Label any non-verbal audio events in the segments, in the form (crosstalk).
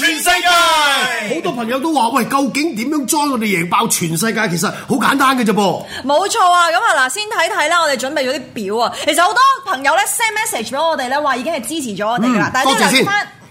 全世界好 (noise) 多朋友都話喂，究竟點樣裝我哋贏爆全世界？其實好簡單嘅啫噃，冇錯啊。咁啊，嗱，先睇睇啦。我哋準備咗啲表啊。其實好多朋友咧 send message 咗我哋咧，話已經係支持咗我哋噶啦。多謝、嗯、先。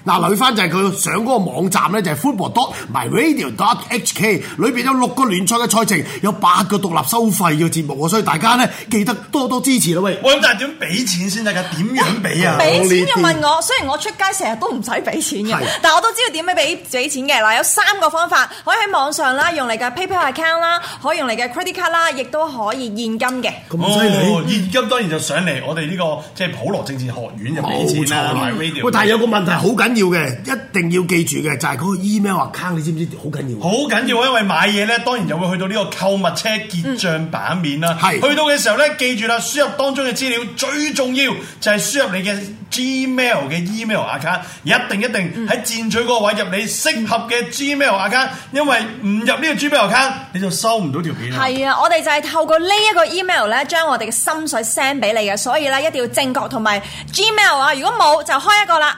但舉翻就係、是、佢上嗰個網站咧，就係、是、football.myradio.hk 裏邊有六個聯賽嘅賽程，有八個獨立收費嘅節目，所以大家咧，記得多多支持啦喂！我就係點俾錢先得噶？點樣俾啊？俾錢就問我，雖然我出街成日都唔使俾錢嘅，的但我都知道點樣俾俾錢嘅。嗱，有三個方法，可以喺網上啦，用你嘅 PayPal account 啦，可以用你嘅 credit card 啦，亦都可以現金嘅。咁犀利喎，現金當然就上嚟我哋呢個即係普羅政治學院就俾錢啦，myradio。錯 my 喂，但係有個問題好緊。嗯要嘅，一定要記住嘅就係、是、嗰個 email account，你知唔知好緊要？好緊要，因為買嘢咧，當然就會去到呢個購物車結帳版面啦。係、嗯、去到嘅時候咧，記住啦，輸入當中嘅資料最重要就係輸入你嘅 gmail 嘅 email account，一定一定喺箭嘴個位入你適合嘅 gmail account，因為唔入呢個 gmail account 你就收唔到條片。係啊，我哋就係透過呢一個 email 咧，將我哋嘅心水 send 俾你嘅，所以咧一定要正確同埋 gmail 啊。如果冇就開一個啦。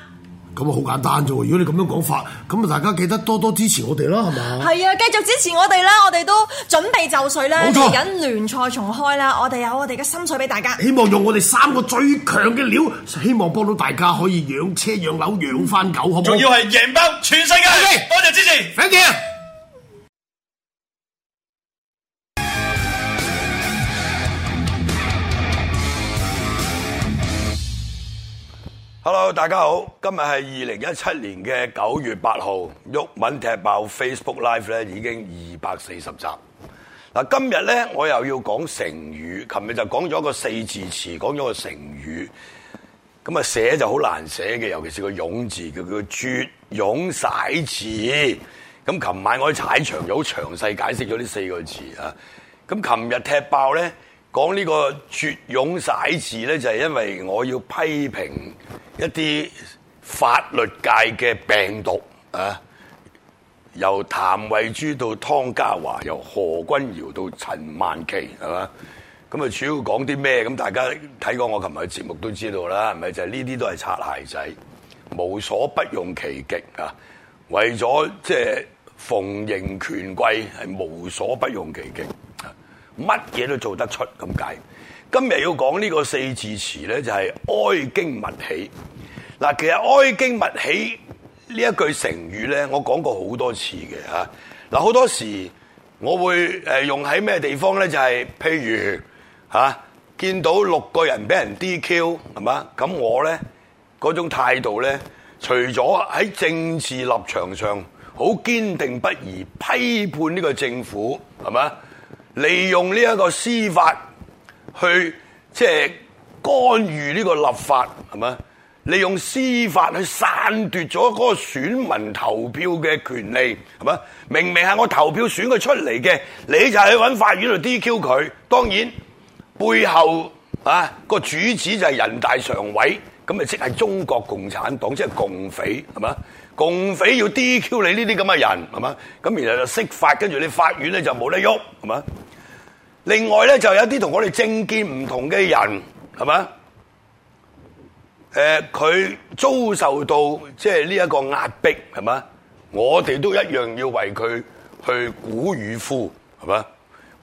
咁啊好簡單啫喎！如果你咁樣講法，咁啊大家記得多多支持我哋啦，係嘛？係啊，繼續支持我哋啦！我哋都準備就緒啦，冇錯，嚟緊聯賽重開啦，我哋有我哋嘅心水俾大家。希望用我哋三個最強嘅料，希望幫到大家可以養車、養樓、養翻狗，好唔好？仲要係贏爆全世界！多謝支持，thank you。謝謝。Hello，大家好，今日係二零一七年嘅九月八號，毓民踢爆 Facebook Live 咧已經二百四十集。嗱，今日咧我又要講成語，琴日就講咗個四字詞，講咗個成語，咁啊寫就好難寫嘅，尤其是個勇字，叫叫絕勇甩字。咁琴晚我去踩場有好詳細解釋咗呢四個字啊。咁琴日踢爆咧，講呢個絕勇甩字咧，就係、是、因為我要批評。一啲法律界嘅病毒啊，由譚慧珠到湯家驊，由何君堯到陳曼琪，係嘛？咁啊，主要講啲咩？咁大家睇過我琴日嘅節目都知道啦，係咪？就係呢啲都係擦鞋仔，無所不用其極啊！為咗即係逢迎權貴，係無所不用其極，啊，乜嘢都做得出，咁解。今日要講呢個四字詞咧，就係哀矜勿喜。嗱，其實哀矜勿喜呢一句成語咧，我講過好多次嘅，吓嗱，好多時我會誒用喺咩地方咧？就係、是、譬如吓，啊、見到六個人俾人 DQ 係嘛，咁我咧嗰種態度咧，除咗喺政治立場上好堅定不移批判呢個政府係嘛，利用呢一個司法。去即係干預呢個立法，係嘛？利用司法去剝奪咗嗰個選民投票嘅權利，係嘛？明明係我投票選佢出嚟嘅，你就去揾法院度 DQ 佢。當然背後啊，嗰個主子就係人大常委，咁咪即係中國共產黨，即係共匪，係嘛？共匪要 DQ 你呢啲咁嘅人，係嘛？咁然後就釋法，跟住你法院咧就冇得喐，係嘛？另外咧，就有一啲同我哋政見唔同嘅人，係嘛？誒，佢遭受到即係呢一個壓迫，係嘛？我哋都一樣要為佢去鼓與呼，係嘛？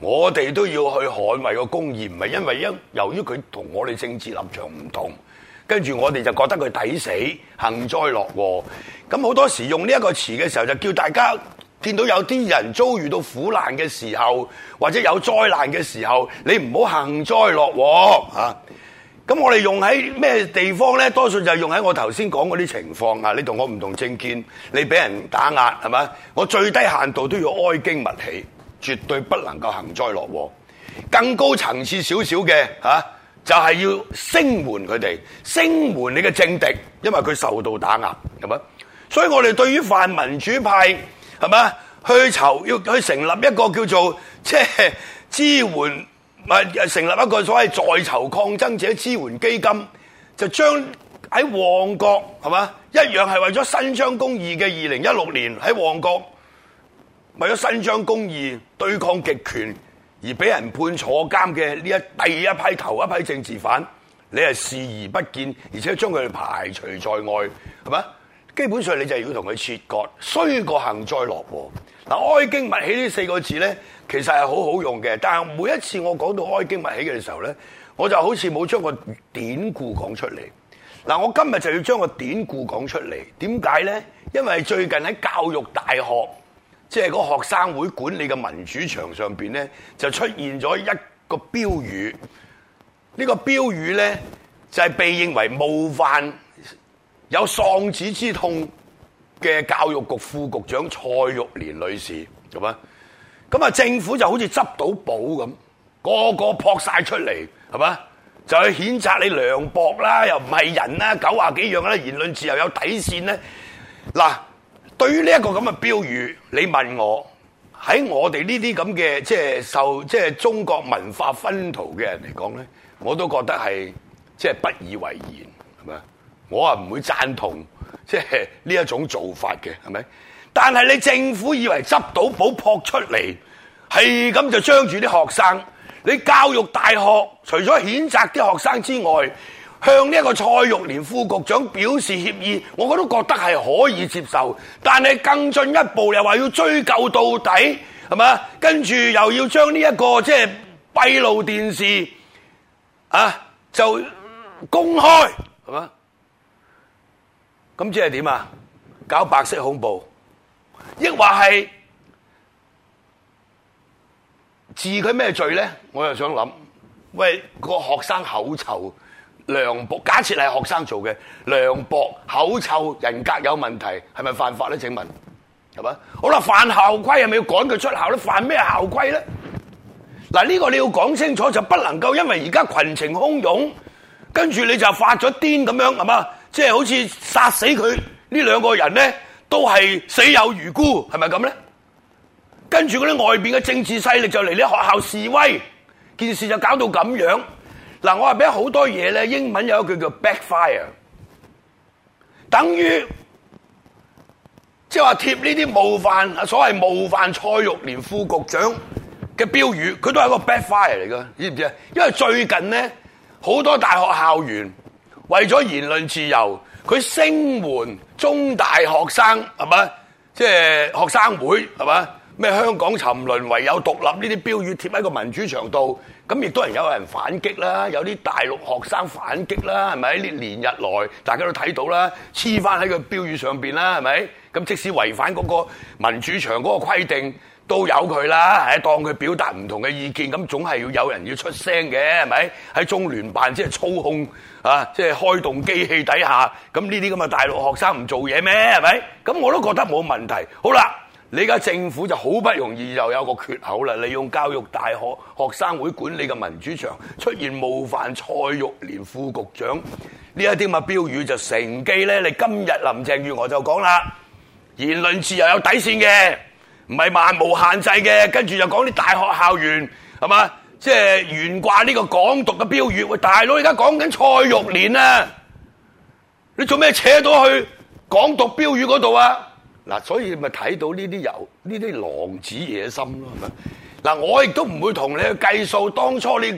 我哋都要去捍衞個公義，唔係因為因由於佢同我哋政治立場唔同，跟住我哋就覺得佢抵死，幸災樂禍。咁好多時用呢一個詞嘅時候，就叫大家。見到有啲人遭遇到苦難嘅時候，或者有災難嘅時候，你唔好幸災樂禍啊！咁我哋用喺咩地方呢？多數就用喺我頭先講嗰啲情況啊！你同我唔同政見，你俾人打壓係嘛？我最低限度都要哀矜勿喜，絕對不能夠幸災樂禍。更高層次少少嘅嚇，就係要聲援佢哋，聲援你嘅政敵，因為佢受到打壓，係嘛？所以我哋對於泛民主派。係嘛？去囚要去成立一個叫做即係支援，咪成立一個所謂在囚抗爭者支援基金，就將喺旺角係嘛，一樣係為咗伸張公義嘅，二零一六年喺旺角為咗伸張公義對抗極權而俾人判坐監嘅呢一，第一批頭一批政治犯，你係視而不見，而且將佢哋排除在外，係嘛？基本上你就要同佢切割，衰過幸災樂禍。嗱，哀矜勿喜呢四個字呢，其實係好好用嘅。但係每一次我講到哀矜勿喜嘅時候呢，我就好似冇將個典故講出嚟。嗱，我今日就要將個典故講出嚟。點解呢？因為最近喺教育大學，即係個學生會管理嘅民主牆上邊呢，就出現咗一個標語。呢個標語呢，就係被認為冒犯。有喪子之痛嘅教育局副局長蔡玉蓮女士，咁啊，咁啊，政府就好似執到寶咁，個個撲晒出嚟，係咪？就去譴責你涼薄啦，又唔係人啦，九廿幾樣啦，言論自由有底線咧？嗱，對於呢一個咁嘅標語，你問我喺我哋呢啲咁嘅即係受即係中國文化熏陶嘅人嚟講咧，我都覺得係即係不以為然，係咪我啊唔會讚同即係呢一種做法嘅，係咪？但係你政府以為執到寶撲出嚟，係咁 (music) 就將住啲學生， (music) 你教育大學除咗譴責啲學生之外，向呢一個蔡玉蓮副局長表示歉意，我都覺得係可以接受。但係更進一步又話要追究到底，係嘛？跟住又要將呢一個即係閉路電視啊，就公開，係嘛？ (music) 咁即係點啊？搞白色恐怖，抑或係治佢咩罪咧？我又想諗，喂、個學生口臭，涼薄，假設係學生做嘅涼薄，口臭、人格有問題，係咪犯法咧？請問係嘛？好啦，犯校規係咪要趕佢出校咧？犯咩校規咧？嗱、呢個你要講清楚，就不能夠因為而家群情洶湧，跟住你就發咗癲咁樣係嘛？即係好似殺死佢呢兩個人咧，都係死有餘辜，係咪咁咧？跟住嗰啲外邊嘅政治勢力就嚟呢學校示威，件事就搞到咁樣。嗱，我話俾好多嘢咧，英文有一句叫 backfire，等於即係話貼呢啲冒犯，所謂冒犯蔡若蓮副局長嘅標語，佢都係個 backfire 嚟噶，知唔知啊？因為最近咧，好多大學校園。為咗言論自由，佢聲援中大學生係嘛，即係學生會係嘛，咩香港沉淪唯有獨立呢啲標語貼喺個民主牆度，咁亦都係有人反擊啦，有啲大陸學生反擊啦，係咪呢？連日來大家都睇到啦，黐返喺個標語上邊啦，係咪？咁即使違反嗰個民主牆嗰個規定。都有佢啦，誒，當佢表達唔同嘅意見，咁總係要有人要出聲嘅，係咪？喺中聯辦即係操控啊，即係開動機器底下，咁呢啲咁嘅大陸學生唔做嘢咩？係咪？咁我都覺得冇問題。好啦，你而家政府就好不容易又有一個缺口啦，利用教育大學學生會管理嘅民主牆出現冒犯蔡若蓮副局長呢一啲咁嘅標語，就乘機呢，你今日林鄭月娥就講啦，言論自由有底線嘅。唔係漫無限制嘅，跟住就講啲大學校園係嘛，即係懸掛呢個港獨嘅標語。喂，大佬，而家講緊蔡若蓮啊，你做咩扯到去港獨標語嗰度啊？嗱，所以你咪睇到呢啲有呢啲 (laughs) 狼子野心咯，係咪？嗱， (laughs) 我亦都唔會同你去計數，當初你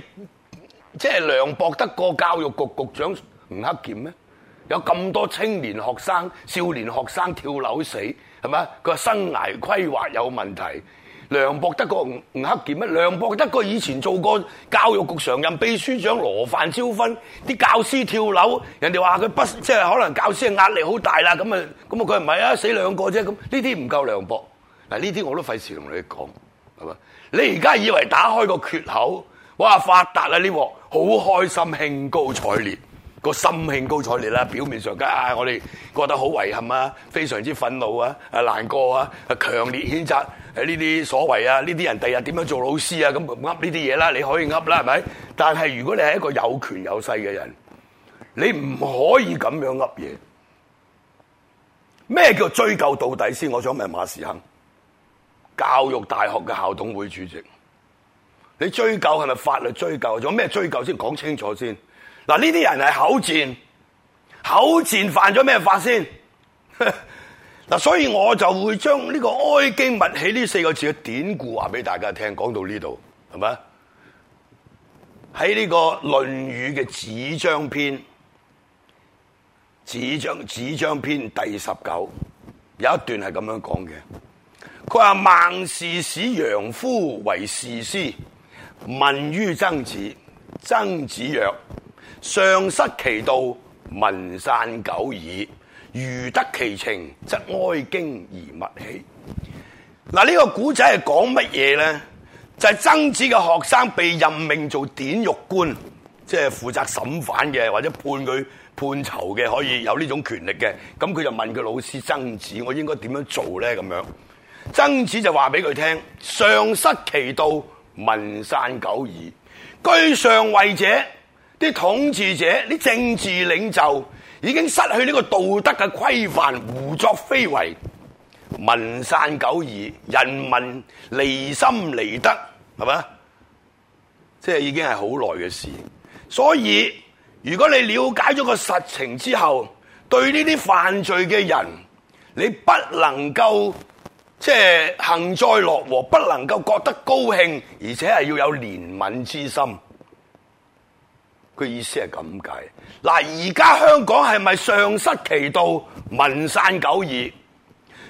即係、就是、梁博德個教育局局、局長吳克儉咩？有咁多青年學生、少年學生跳樓死。係嘛？佢話生涯規劃有問題。梁博德個吳，吳克儉咩？梁博德個以前做過教育局常任秘書長羅范椒芬，啲教師跳樓，人哋話佢不，即係可能教師係壓力好大啦。咁啊咁啊，佢唔係啊，死兩個啫。咁呢啲唔夠梁博。嗱，呢啲我都費事同你講，係嘛？你而家以為打開個缺口，哇，發達啦呢鑊，好開心，興高采烈。個心興高采烈啦，表面上梗 (noise) 啊，我哋覺得好遺憾啊，非常之憤怒啊，啊難過啊，啊強烈譴責喺呢啲所謂啊，呢啲人第日點樣做老師啊，咁噏呢啲嘢啦，你可以噏啦，係咪？但係如果你係一個有權有勢嘅人，你唔可以咁樣噏嘢。咩叫追究到底先？我想問馬時亨，教育大學嘅校董會主席，你追究係咪法律追究？仲有咩追究先？講清楚先。嗱，呢啲人係口賤，口賤犯咗咩法先？嗱， (laughs) 所以我就會將呢、這個哀矜勿喜呢四個字嘅典故話俾大家聽。講到呢度係咪？喺呢個《論語》嘅子張篇，子張子張篇第十九有一段係咁樣講嘅。佢話孟氏使陽膚為士師，問於曾子，曾子曰。上失其道，民散久矣。如得其情，則哀矜而勿喜。嗱，呢個古仔係講乜嘢呢？就係、是、曾子嘅學生被任命做典獄官，即係負責審犯嘅，或者判佢判囚嘅，可以有呢種權力嘅。咁佢就問佢老師曾子：我應該點樣做呢？」咁樣，曾子就話俾佢聽：上失其道，民散久矣。居上位者。啲統治者、啲政治領袖已經失去呢個道德嘅規範，胡作非為，民散久矣，人民離心離德，係咪？即係已經係好耐嘅事。所以，如果你了解咗個實情之後，對呢啲犯罪嘅人，你不能夠即係幸災樂禍，不能夠覺得高興，而且係要有憐憫之心。佢意思係咁解，嗱，而家香港係咪上失其道，民散久矣？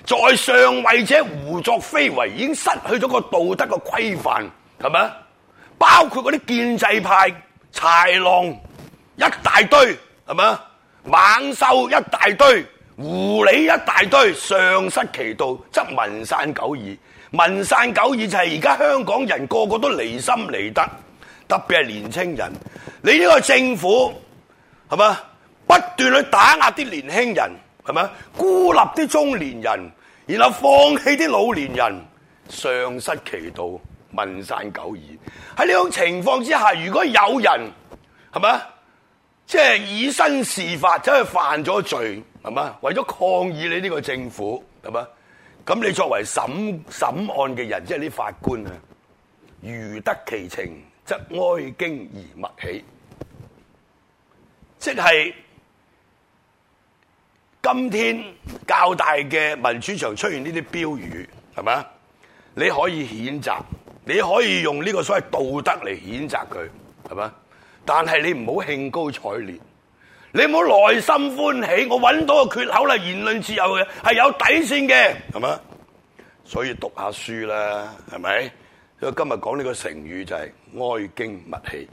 在上位者胡作非為，已經失去咗個道德嘅規範，係咪？包括嗰啲建制派豺狼一大堆，係咪？猛獸一大堆，狐狸一大堆，上失其道，則民散久矣。民散久矣就係而家香港人個個都離心離德。特別係年輕人，你呢個政府係嘛，不斷去打壓啲年輕人係嘛，孤立啲中年人，然後放棄啲老年人，上失其道，民散久矣。喺呢種情況之下，如果有人係嘛，即係以身試法，真係犯咗罪係嘛，為咗抗議你呢個政府係嘛，咁你作為審審案嘅人，即係啲法官啊，如得其情。則哀矜而勿喜，即係今天較大嘅民主場出現呢啲標語，係嘛？你可以譴責，你可以用呢個所謂道德嚟譴責佢，係嘛？但係你唔好興高采烈，你唔好內心歡喜。我揾到個缺口啦，言論自由嘅係有底線嘅，係嘛？所以讀下書啦，係咪？今日講呢個成語就係、是、哀矜勿喜。